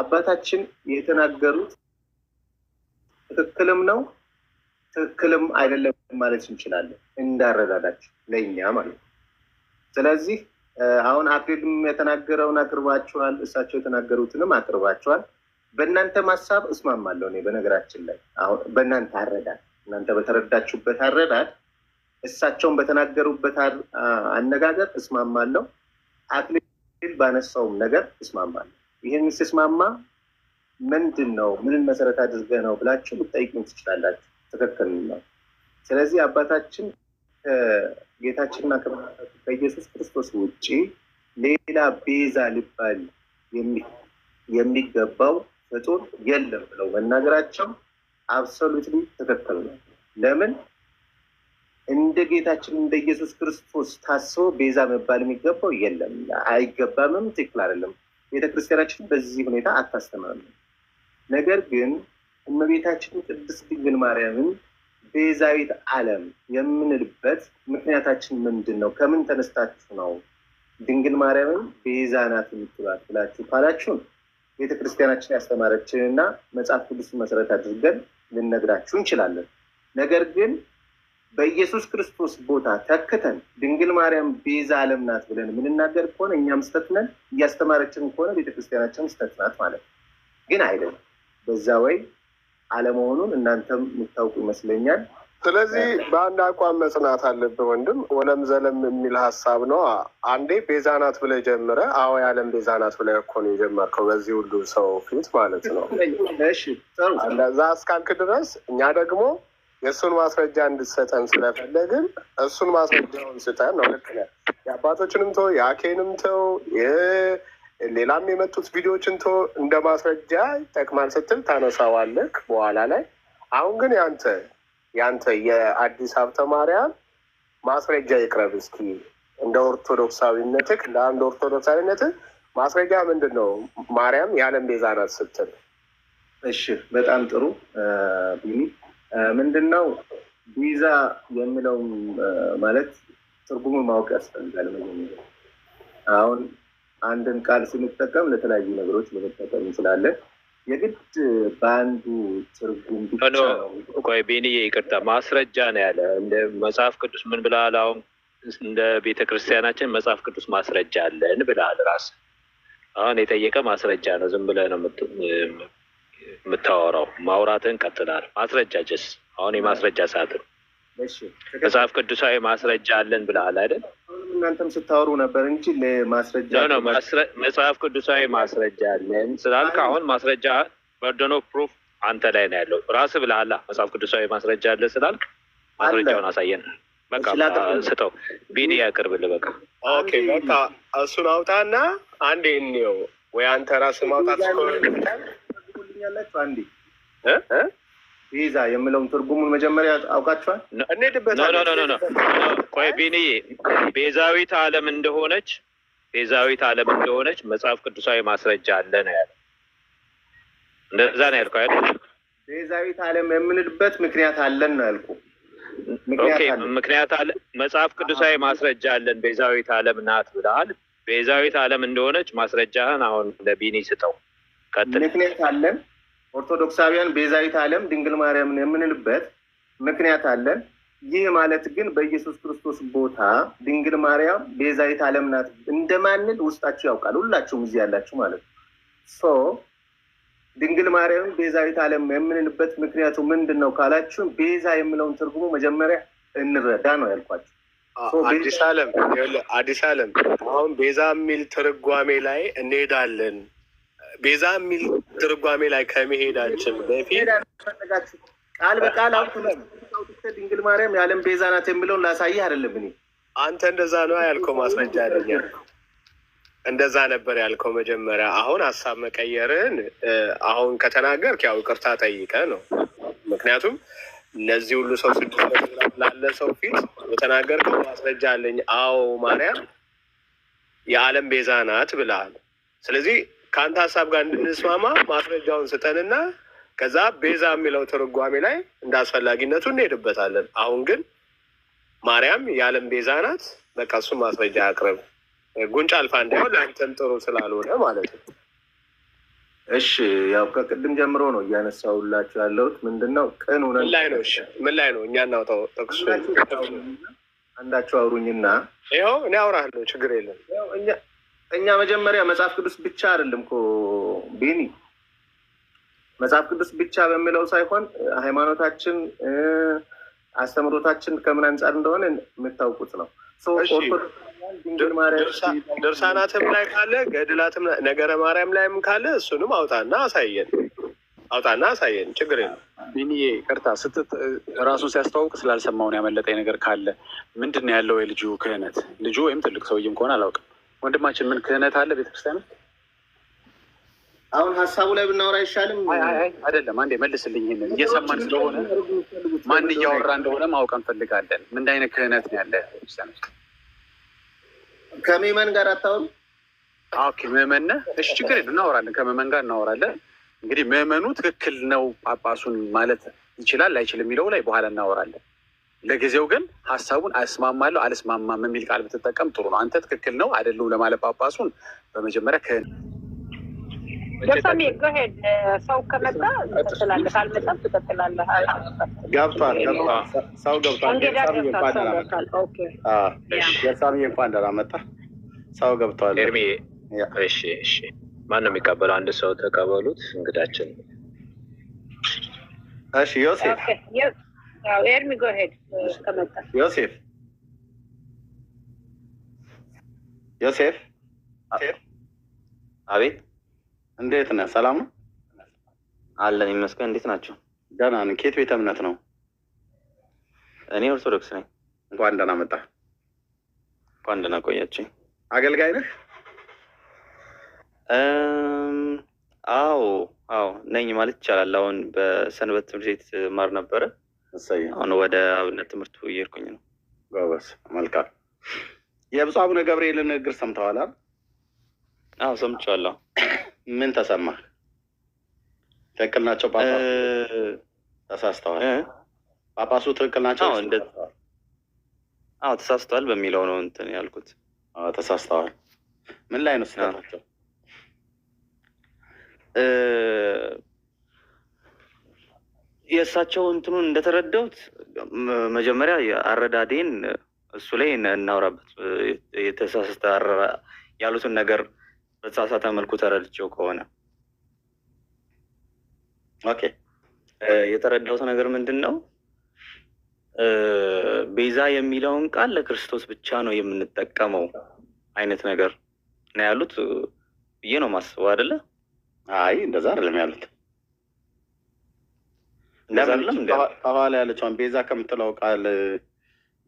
አባታችን የተናገሩት ትክክልም ነው ትክክልም አይደለም ማለት እንችላለን፣ እንዳረዳዳችሁ ለእኛ ማለት ነው። ስለዚህ አሁን አክሊሉም የተናገረውን አቅርባችኋል፣ እሳቸው የተናገሩትንም አቅርባችኋል። በእናንተ ማሳብ እስማማለሁ እኔ በነገራችን ላይ አሁን በእናንተ አረዳድ እናንተ በተረዳችሁበት አረዳድ እሳቸውን በተናገሩበት አነጋገር እስማማለሁ። አክሊል ባነሳውም ነገር እስማማለሁ። ይህን ስስማማ ምንድን ነው ምንን መሰረት አድርገ ነው ብላችሁ ልጠይቅም ትችላላችሁ። ትክክል ነው። ስለዚህ አባታችን ከጌታችንና ከኢየሱስ ክርስቶስ ውጭ ሌላ ቤዛ ሊባል የሚገባው ፍጡር የለም ብለው መናገራቸው አብሶሉትሊ ትክክል ነው። ለምን እንደ ጌታችን እንደ ኢየሱስ ክርስቶስ ታስቦ ቤዛ መባል የሚገባው የለም አይገባምም። ትክክል አይደለም። ቤተክርስቲያናችን በዚህ ሁኔታ አታስተምርም። ነገር ግን እመቤታችን ቅድስት ድንግል ማርያምን ቤዛዊት ዓለም የምንልበት ምክንያታችን ምንድን ነው? ከምን ተነስታችሁ ነው ድንግል ማርያምን ቤዛ ናት የምትሏት ብላችሁ ካላችሁን ቤተክርስቲያናችን ያስተማረችንና መጽሐፍ ቅዱስን መሰረት አድርገን ልነግራችሁ እንችላለን። ነገር ግን በኢየሱስ ክርስቶስ ቦታ ተክተን ድንግል ማርያም ቤዛ ዓለም ናት ብለን የምንናገር ከሆነ እኛም ስተት ነን፣ እያስተማረችን ከሆነ ቤተክርስቲያናችን ስተት ናት ማለት ነው። ግን አይደለም በዛ ወይ አለመሆኑን እናንተም የምታውቁ ይመስለኛል። ስለዚህ በአንድ አቋም መጽናት አለብ ወንድም። ወለም ዘለም የሚል ሀሳብ ነው። አንዴ ቤዛ ናት ብለህ አዎ የዓለም ቤዛ ናት ብለህ እኮ ነው የጀመርከው በዚህ ሁሉ ሰው ፊት ማለት ነው። እዛ እስካልክ ድረስ እኛ ደግሞ የእሱን ማስረጃ እንድሰጠን ስለፈለግን እሱን ማስረጃውን ስጠን ነው። ልክ የአባቶችንም ተው የአኬንም ተው ሌላም የመጡት ቪዲዮዎችን ተው እንደ ማስረጃ ይጠቅማል ስትል ታነሳዋለህ በኋላ ላይ። አሁን ግን ያንተ ያንተ የአዲስ ሀብተ ማርያም ማስረጃ ይቅረብ እስኪ እንደ ኦርቶዶክሳዊነትህ እንደ አንድ ኦርቶዶክሳዊነትህ ማስረጃ ምንድን ነው? ማርያም የዓለም ቤዛ ናት ስትል እሺ፣ በጣም ጥሩ ቢኒ ምንድን ነው ቪዛ የሚለው ማለት ትርጉሙ ማወቅ ያስፈልጋል። አሁን አንድን ቃል ስንጠቀም ለተለያዩ ነገሮች መጠቀም እንችላለን። የግድ በአንዱ ትርጉም ብቻ ነው። ቆይ ቤንዬ ይቅርታ፣ ማስረጃ ነው ያለ እንደ መጽሐፍ ቅዱስ ምን ብላል? አሁን እንደ ቤተ ክርስቲያናችን መጽሐፍ ቅዱስ ማስረጃ አለን ብላል። ራስ አሁን የጠየቀ ማስረጃ ነው። ዝም ብለህ ነው የምታወራው። ማውራትን ቀጥላል። ማስረጃ ማስረጃጀስ አሁን የማስረጃ ሰዓት ነው። መጽሐፍ ቅዱሳዊ ማስረጃ አለን ብለሃል አይደል? እናንተም ስታወሩ ነበር እንጂ ማስረጃ መጽሐፍ ቅዱሳዊ ማስረጃ አለን ስላልክ አሁን ማስረጃ በርደኖ ፕሩፍ አንተ ላይ ነው ያለው። ራስ ብለሃል መጽሐፍ ቅዱሳዊ ማስረጃ አለ ስላልክ ማስረጃውን አሳየን። በቃ ስጠው፣ ቢኒ ያቅርብልህ። በቃ ኦኬ፣ በቃ እሱን አውጣና አንዴ እንየው ወይ አንተ ራስ ማውጣት ታገኛላችሁ። አንዴ ቪዛ የምለውን ትርጉሙን መጀመሪያ አውቃችኋል። እንሄድበት ቢንዬ ቤዛዊት ዓለም እንደሆነች ቤዛዊት ዓለም እንደሆነች መጽሐፍ ቅዱሳዊ ማስረጃ አለ ነው ያለ። እንደዛ ነው ያልኩ አይደል? ቤዛዊት ዓለም የምንልበት ምክንያት አለን ነው ያልኩ። ምክንያት አለ፣ መጽሐፍ ቅዱሳዊ ማስረጃ አለን ቤዛዊት ዓለም ናት ብለሃል። ቤዛዊት ዓለም እንደሆነች ማስረጃህን አሁን ለቢኒ ስጠው። ቀጥል። ምክንያት አለን ኦርቶዶክሳውያን ቤዛዊት ዓለም ድንግል ማርያምን የምንልበት ምክንያት አለን። ይህ ማለት ግን በኢየሱስ ክርስቶስ ቦታ ድንግል ማርያም ቤዛዊት ዓለም ናት እንደማንል ውስጣችሁ ያውቃል፣ ሁላችሁም እዚህ ያላችሁ ማለት ነው። ሶ ድንግል ማርያምን ቤዛዊት ዓለም የምንልበት ምክንያቱ ምንድን ነው ካላችሁ፣ ቤዛ የምለውን ትርጉሙ መጀመሪያ እንረዳ ነው ያልኳችሁ። አዲስ ዓለም አዲስ ዓለም አሁን ቤዛ የሚል ትርጓሜ ላይ እንሄዳለን። ቤዛ የሚል ትርጓሜ ላይ ከመሄዳችን በፊት ቃል በቃል አውጥቼ ድንግል ማርያም የዓለም ቤዛ ናት የሚለውን ላሳይህ አይደለም። እኔ አንተ እንደዛ ነው ያልከው፣ ማስረጃ አለኝ። እንደዛ ነበር ያልከው መጀመሪያ። አሁን ሀሳብ መቀየርን አሁን ከተናገርክ ያው ይቅርታ ጠይቀ ነው። ምክንያቱም እነዚህ ሁሉ ሰው ስድስት ላለ ሰው ፊት የተናገርከው ማስረጃ አለኝ። አዎ ማርያም የዓለም ቤዛ ናት ብለሃል። ስለዚህ ከአንተ ሀሳብ ጋር እንድንስማማ ማስረጃውን ስጠንና ከዛ ቤዛ የሚለው ትርጓሜ ላይ እንደ አስፈላጊነቱ እንሄድበታለን። አሁን ግን ማርያም የዓለም ቤዛ ናት። በቃ እሱ ማስረጃ አቅርብ። ጉንጫ አልፋ እንዳይሆን ለአንተም ጥሩ ስላልሆነ ማለት ነው። እሺ ያው ከቅድም ጀምሮ ነው እያነሳሁላችሁ ያለሁት ምንድን ነው ቅን ምን ላይ ነው? ምን ላይ ነው? እኛ እናውጣው ጠቅሱ አንዳቸው አውሩኝና፣ ይኸው እኔ አውራለሁ፣ ችግር የለም። እኛ መጀመሪያ መጽሐፍ ቅዱስ ብቻ አይደለም እኮ ቢኒ፣ መጽሐፍ ቅዱስ ብቻ በሚለው ሳይሆን ሃይማኖታችን፣ አስተምሮታችን ከምን አንጻር እንደሆነ የምታውቁት ነው። ድርሳናትም ላይ ካለ ገድላትም ነገረ ማርያም ላይም ካለ እሱንም አውጣና አሳየን፣ አውጣና አሳየን። ችግር የለም ቅርታ ስትት ራሱን ሲያስተዋውቅ ስላልሰማውን ያመለጠኝ ነገር ካለ ምንድን ነው ያለው? የልጁ ክህነት ልጁ ወይም ትልቅ ሰውዬም ከሆነ አላውቅም ወንድማችን ምን ክህነት አለ ቤተክርስቲያን አሁን ሀሳቡ ላይ ብናወራ አይሻልም? አይደለም። አንዴ መልስልኝ። ይህንን እየሰማን ስለሆነ ማን እያወራ እንደሆነ ማወቅ እንፈልጋለን። ምን አይነት ክህነት ነው ያለ? ከምዕመን ጋር አታወሩ? ኦኬ፣ ምዕመን ነህ? እሺ፣ ችግር የለም እናወራለን። ከምዕመን ጋር እናወራለን። እንግዲህ ምዕመኑ ትክክል ነው ጳጳሱን ማለት ይችላል አይችልም የሚለው ላይ በኋላ እናወራለን። ለጊዜው ግን ሀሳቡን አስማማለሁ አልስማማም የሚል ቃል ብትጠቀም ጥሩ ነው። አንተ ትክክል ነው አይደሉም ለማለት ጳጳሱን በመጀመሪያ ከ ሰው ከመጣ ትቀጥላለህ፣ ሰው ገብቷል። ማን ነው የሚቀበለው? አንድ ሰው ተቀበሉት እንግዳችን። እሺ ዮሴፍ ኤርሚ ጎሄድ ከመጣ ዮሴፍ ዮሴፍ አቤት፣ እንዴት ነህ? ሰላም ነው አለን ይመስገን። እንዴት ናቸው? ደህና ነን። ከየት ቤተ እምነት ነው? እኔ ኦርቶዶክስ ነኝ። እንኳን ደህና መጣህ። እንኳን ደህና ቆያችኝ። አገልጋይ ነህ? አዎ አዎ ነኝ ማለት ይቻላል። አሁን በሰንበት ትምህርት ቤት ማር ነበረ አሁን ወደ አብነት ትምህርቱ እየርኩኝ ነው። ጎበዝ መልካም። የብፁዕ አቡነ ገብርኤል ንግግር ሰምተዋል? አዎ ሰምቼዋለሁ። ምን ተሰማህ? ትክክል ናቸው ጳጳሱ? ተሳስተዋል? ጳጳሱ ትክክል ናቸው? አዎ ተሳስተዋል በሚለው ነው እንትን ያልኩት። ተሳስተዋል። ምን ላይ ነው ስህተታቸው? የእሳቸው እንትኑን እንደተረዳሁት መጀመሪያ አረዳዴን እሱ ላይ እናውራበት። የተሳሳተ ያሉትን ነገር በተሳሳተ መልኩ ተረድቼው ከሆነ ኦኬ። የተረዳሁት ነገር ምንድን ነው? ቤዛ የሚለውን ቃል ለክርስቶስ ብቻ ነው የምንጠቀመው አይነት ነገር ነው ያሉት ብዬ ነው ማስበው። አይደለ? አይ እንደዛ አይደለም ያሉት ለምንለም በኋላ ያለችዋን ቤዛ ከምትለው ቃል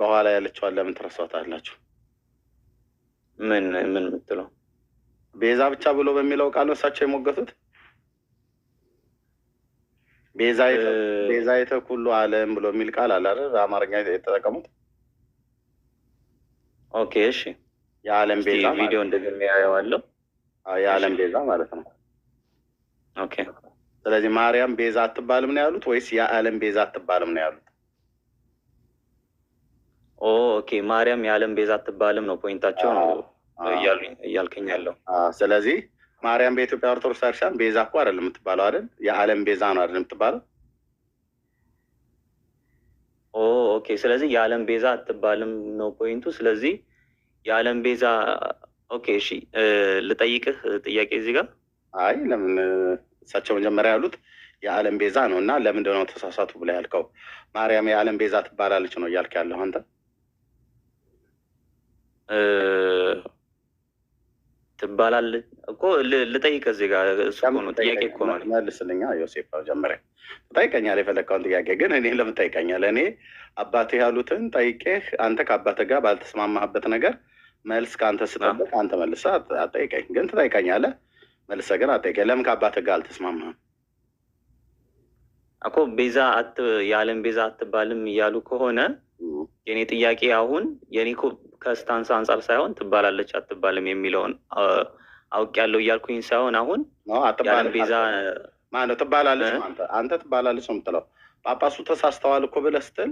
በኋላ ያለችዋን ለምን ትረሷታላችሁ? ምን ምን የምትለው ቤዛ ብቻ ብሎ በሚለው ቃል እሳቸው የሞገቱት ቤዛ የተኩሉ ዓለም ብሎ የሚል ቃል አለ አይደል? አማርኛ የተጠቀሙት። ኦኬ እሺ፣ የዓለም ቤዛ ቪዲዮ እንደገና ያየዋለሁ። የዓለም ቤዛ ማለት ነው። ኦኬ ስለዚህ ማርያም ቤዛ አትባልም ነው ያሉት ወይስ የዓለም ቤዛ አትባልም ነው ያሉት? ኦኬ ማርያም የዓለም ቤዛ አትባልም ነው ፖይንታቸው ነው እያልከኝ ያለው። ስለዚህ ማርያም በኢትዮጵያ ኦርቶዶክስ ክርስቲያን ቤዛ እኮ አይደለም የምትባለው አይደል? የዓለም ቤዛ ነው አይደል የምትባለው? ኦኬ ስለዚህ የዓለም ቤዛ አትባልም ነው ፖይንቱ። ስለዚህ የዓለም ቤዛ ኦኬ እሺ፣ ልጠይቅህ ጥያቄ እዚህ ጋር አይ ለምን እሳቸው መጀመሪያ ያሉት የዓለም ቤዛ ነው እና ለምንድን ነው ተሳሳቱ ብለህ ያልከው? ማርያም የዓለም ቤዛ ትባላለች ነው እያልክ ያለሁ አንተ። ትባላለች እኮ ልጠይቅ፣ እዚህ ጋር እሱ ነው ጥያቄ እኮ ነው። መልስልኛ ዮሴፍ። መጀመሪያ ትጠይቀኛለህ የፈለግከውን ጥያቄ ግን እኔ ለምን ትጠይቀኛለህ? እኔ አባትህ ያሉትን ጠይቄህ አንተ ከአባትህ ጋር ባልተስማማህበት ነገር መልስ ከአንተ ስጠብቅ አንተ መልሰህ አጠይቀኝ። ግን ትጠይቀኛለህ መልሰ ግን አጠቀ ለምን ከአባትህ ጋር አልተስማማህም? እኮ ቤዛ የዓለም ቤዛ አትባልም እያሉ ከሆነ የኔ ጥያቄ አሁን የኔኮ ከስታንስ አንጻር ሳይሆን ትባላለች አትባልም የሚለውን አውቅ ያለው እያልኩኝ ሳይሆን አሁን የዓለም ቤዛ ማነው ትባላለች፣ አንተ ትባላለች ነው የምትለው። ጳጳሱ ተሳስተዋል እኮ ብለህ ስትል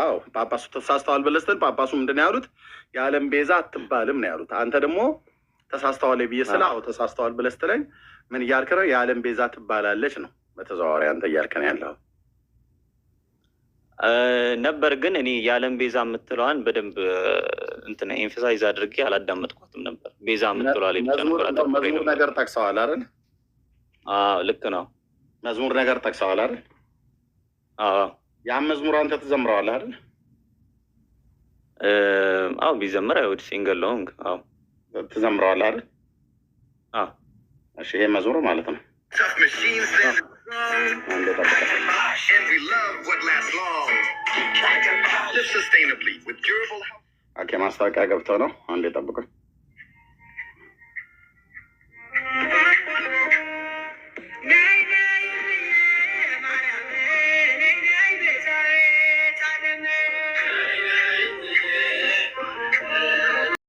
አዎ ጳጳሱ ተሳስተዋል ብለህ ስትል ጳጳሱ ምንድን ነው ያሉት? የዓለም ቤዛ አትባልም ነው ያሉት። አንተ ደግሞ ተሳስተዋል ብዬ ስለ አዎ ተሳስተዋል ብለህ ስትለኝ ምን እያልክ ነው? የዓለም ቤዛ ትባላለች ነው በተዘዋዋሪ አንተ እያልክ ነው ያለው ነበር። ግን እኔ የዓለም ቤዛ የምትለዋን በደንብ እንትን ኤንፈሳይዝ አድርጌ አላዳመጥኳትም ነበር። ቤዛ የምትለዋል መዝሙር ነገር ጠቅሰዋል አይደል? ልክ ነው። መዝሙር ነገር ጠቅሰዋል አይደል? ያም መዝሙር አንተ ትዘምረዋል አይደል? አዎ ቢዘምር አይወድ ሲንገለውም አዎ ትዘምረዋል አይደል? እሺ፣ ይሄ መዝሙር ማለት ነው። ማስታወቂያ ገብተው ነው። አንዴ ጠብቁኝ።